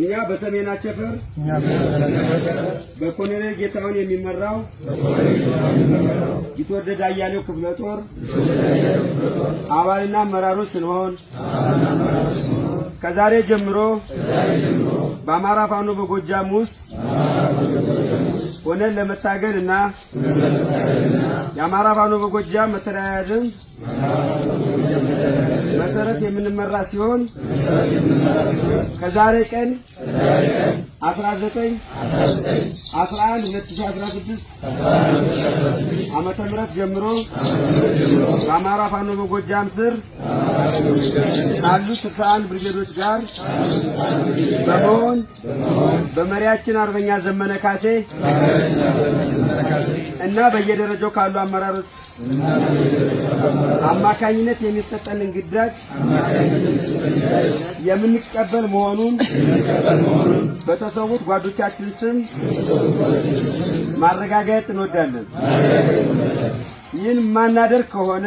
እኛ በሰሜን አቸፈር በኮሎኔል ጌታውን የሚመራው ይትወደድ አያሌው ክፍለ ጦር አባልና አመራሩ ስንሆን ከዛሬ ጀምሮ በአማራ ፋኖ በጎጃም ውስጥ ሆነን ለመታገል እና የአማራ ፋኖ በጎጃም መተዳደሪያ መሰረት የምንመራ ሲሆን ከዛሬ ቀን 19 11 2016 ዓመተ ምህረት ጀምሮ በአማራ ፋኖ በጎጃም ስር ካሉት ከአንድ ብርጌዶች ጋር በመሆን በመሪያችን አርበኛ ዘመነ ካሴ እና በየደረጃው ካሉ አመራሮች አማካኝነት የሚሰጠንን ግዳጅ የምንቀበል መሆኑን በተሰዉት ጓዶቻችን ስም ማረጋገጥ እንወዳለን። ይህን ማናደርግ ከሆነ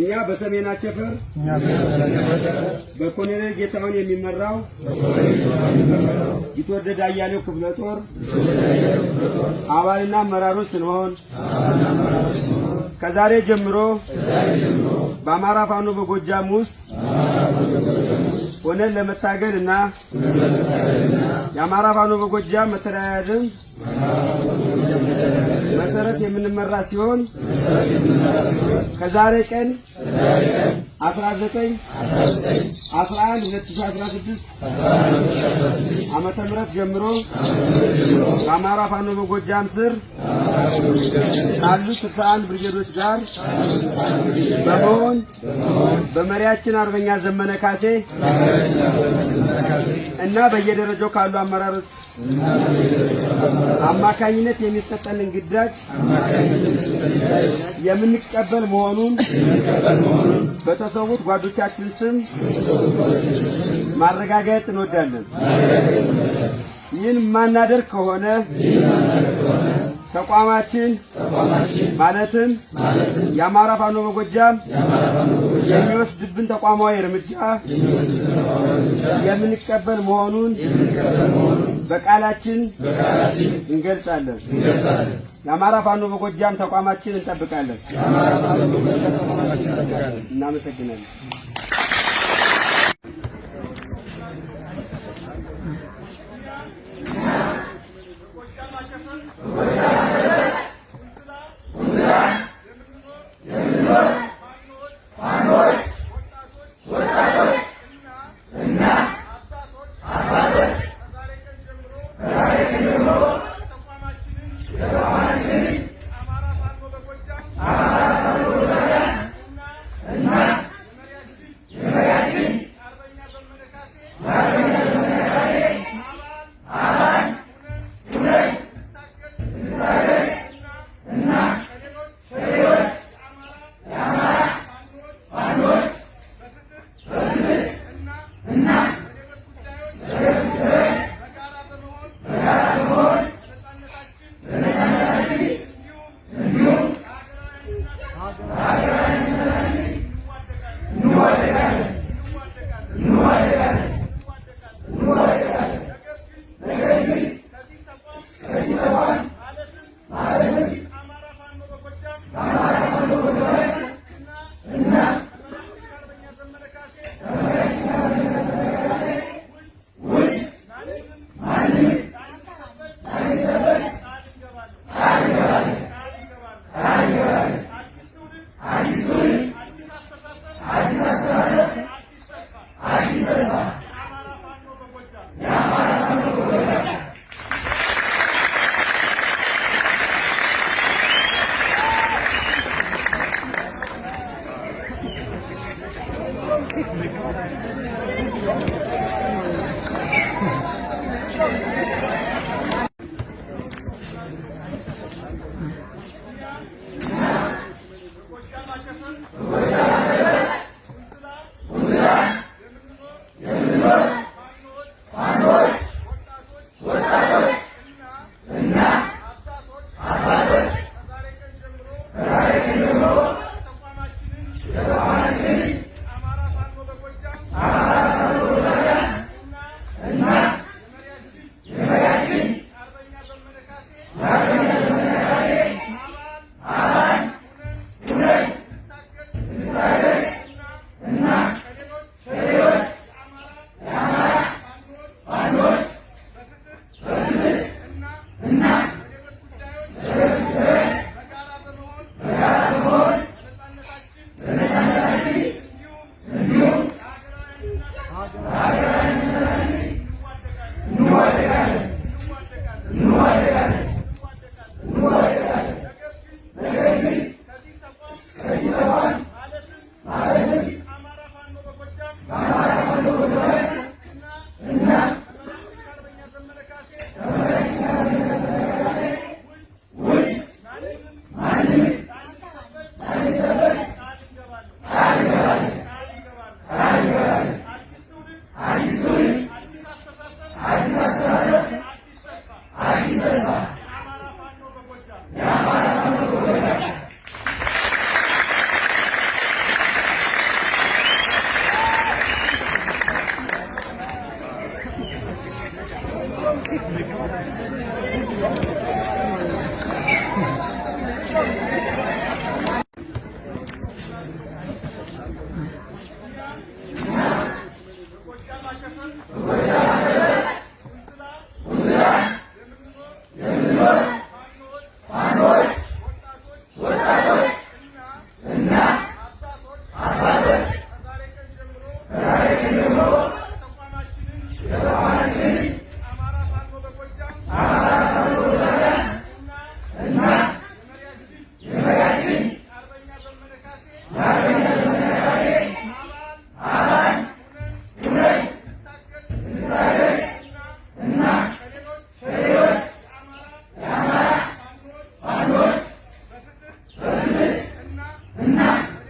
እኛ በሰሜን አቸፈር በኮሎኔል ጌታሁን የሚመራው ይትወደድ አያሌው ክፍለ ጦር አባልና መራሩ ስንሆን ከዛሬ ጀምሮ በአማራ ፋኖ በጎጃም ውስጥ ሆነን ለመታገል እና የአማራ ፋኖ በጎጃም መተዳደሪያ ደንብ መሰረት የምንመራ ሲሆን ከዛሬ ቀን አስራ ዘጠኝ አስራ አንድ ሁለት ሺህ አስራ ስድስት ዓመተ ምህረት ጀምሮ በአማራ ፋኖ በጎጃም ስር ካሉት ስልሳ አንድ ብርጌዶች ጋር በመሆን በመሪያችን አርበኛ ዘመነ ካሴ እና በየደረጃው ካሉ አመራሮች አማካኝነት የሚሰጠንን ግዳጅ የምንቀበል መሆኑን በተሰዉት ጓዶቻችን ስም ማረጋገጥ እንወዳለን። ይህን ማናደርግ ከሆነ ተቋማችን ማለትም የአማራ ፋኖ በጎጃም የሚወስድብን ተቋማዊ እርምጃ የምንቀበል መሆኑን በቃላችን እንገልጻለን። የአማራ ፋኖ በጎጃም ተቋማችን እንጠብቃለን። እናመሰግናለን። Hocam arkasın. Hocam evet. Hocam. night.